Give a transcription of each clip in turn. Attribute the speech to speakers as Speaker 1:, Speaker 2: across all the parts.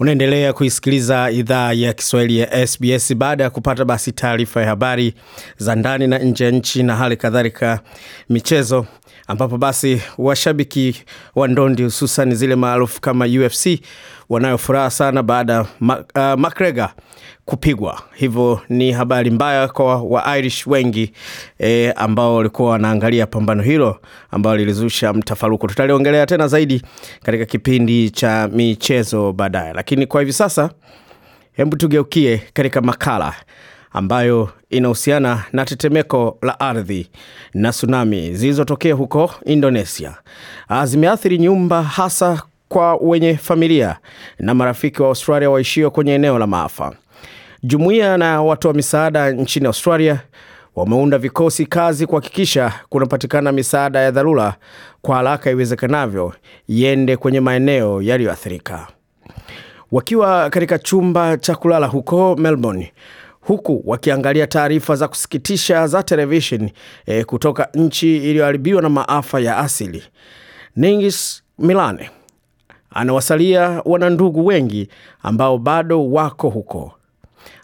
Speaker 1: Unaendelea kuisikiliza idhaa ya Kiswahili ya SBS. Baada ya kupata basi taarifa ya habari za ndani na nje ya nchi na hali kadhalika michezo, ambapo basi washabiki wa ndondi hususan zile maarufu kama UFC wanayo furaha sana baada ya McGregor uh, kupigwa. Hivyo ni habari mbaya kwa wa Irish wengi e, ambao walikuwa wanaangalia pambano hilo ambalo lilizusha mtafaruku. Tutaliongelea tena zaidi katika kipindi cha michezo baadaye, lakini kwa hivi sasa, hebu tugeukie katika makala ambayo inahusiana na tetemeko la ardhi na tsunami zilizotokea huko Indonesia. Ah, zimeathiri nyumba hasa kwa wenye familia na marafiki wa Australia waishio kwenye eneo la maafa. Jumuiya na watu wa misaada nchini Australia wameunda vikosi kazi kuhakikisha kunapatikana misaada ya dharura kwa haraka iwezekanavyo iende kwenye maeneo yaliyoathirika. Wakiwa katika chumba cha kulala huko Melbourne, huku wakiangalia taarifa za kusikitisha za televisheni e, kutoka nchi iliyoharibiwa na maafa ya asili, Ningis Milane anawasalia wana ndugu wengi ambao bado wako huko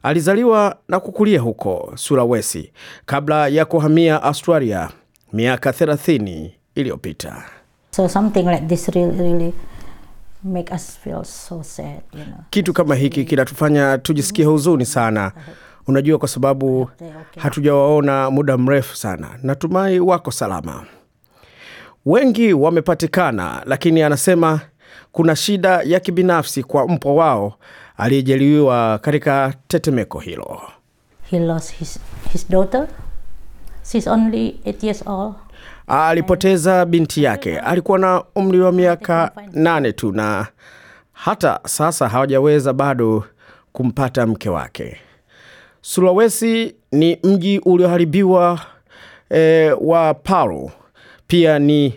Speaker 1: Alizaliwa na kukulia huko Sulawesi kabla ya kuhamia Australia miaka 30 iliyopita.
Speaker 2: So something like this really, really make us feel so sad, you
Speaker 1: know. Kitu kama hiki kinatufanya tujisikie huzuni sana. Unajua, kwa sababu hatujawaona muda mrefu sana. Natumai wako salama. Wengi wamepatikana, lakini anasema kuna shida ya kibinafsi kwa mpwa wao aliyejeruhiwa katika tetemeko hilo.
Speaker 2: He lost his, his daughter. She's only eight years old.
Speaker 1: Alipoteza binti yake, alikuwa na umri wa miaka nane tu, na hata sasa hawajaweza bado kumpata mke wake. Sulawesi ni mji ulioharibiwa e, wa Palu pia ni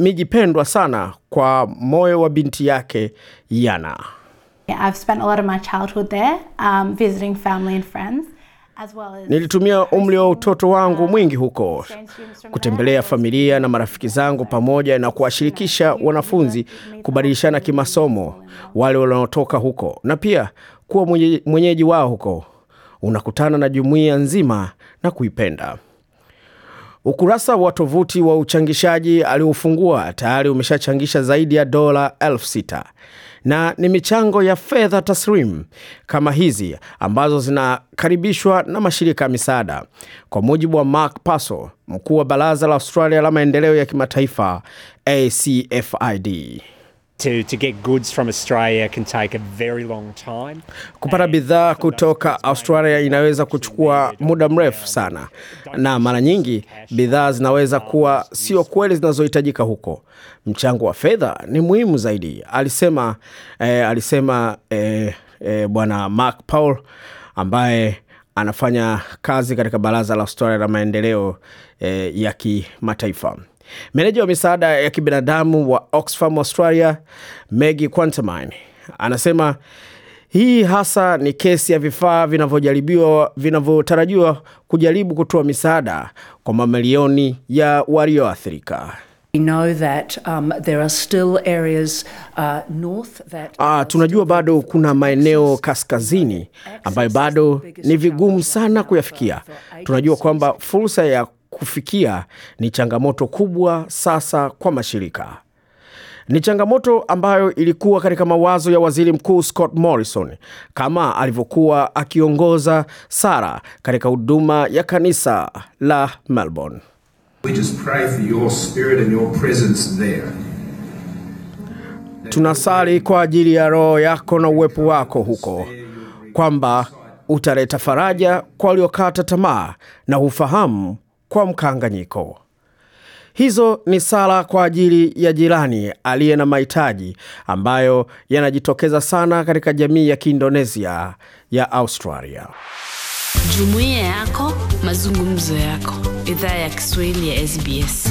Speaker 1: miji pendwa sana kwa moyo wa binti yake Yana.
Speaker 2: I've spent a lot of my childhood there, um, visiting family and friends. As well as...
Speaker 1: Nilitumia umri wa utoto wangu mwingi huko kutembelea familia na marafiki zangu pamoja na kuwashirikisha wanafunzi kubadilishana kimasomo wale wanaotoka huko na pia kuwa mwenyeji wao huko. Unakutana na jumuiya nzima na kuipenda. Ukurasa wa tovuti wa uchangishaji aliofungua tayari umeshachangisha zaidi ya dola elfu sita na ni michango ya fedha taslimu kama hizi ambazo zinakaribishwa na mashirika ya misaada. Kwa mujibu wa Mark Paso, mkuu wa baraza la Australia la maendeleo ya kimataifa ACFID. To, to get goods from Australia can take a very long time. Kupata bidhaa kutoka Australia inaweza kuchukua muda mrefu sana, na mara nyingi bidhaa zinaweza kuwa sio kweli zinazohitajika huko. Mchango wa fedha ni muhimu zaidi, alisema eh, alisema eh, eh, Bwana Mark Paul ambaye anafanya kazi katika baraza la Australia la maendeleo eh, ya kimataifa. Meneja wa misaada ya kibinadamu wa Oxfam Australia, Maggie Quantamine, anasema hii hasa ni kesi ya vifaa vinavyojaribiwa vinavyotarajiwa kujaribu kutoa misaada kwa mamilioni ya walioathirika. Um, uh, ah, tunajua bado kuna maeneo kaskazini ambayo bado ni vigumu sana kuyafikia. Tunajua kwamba fursa ya kufikia ni changamoto kubwa sasa kwa mashirika. Ni changamoto ambayo ilikuwa katika mawazo ya Waziri Mkuu Scott Morrison kama alivyokuwa akiongoza sara katika huduma ya kanisa la Melbourne. Tunasali kwa ajili ya roho yako na uwepo wako huko, kwamba utaleta faraja kwa waliokata tamaa na ufahamu kwa mkanganyiko. Hizo ni sala kwa ajili ya jirani aliye na mahitaji ambayo yanajitokeza sana katika jamii ya Kiindonesia ya Australia.
Speaker 2: Jumuiya yako, mazungumzo yako. Idhaa ya Kiswahili ya SBS.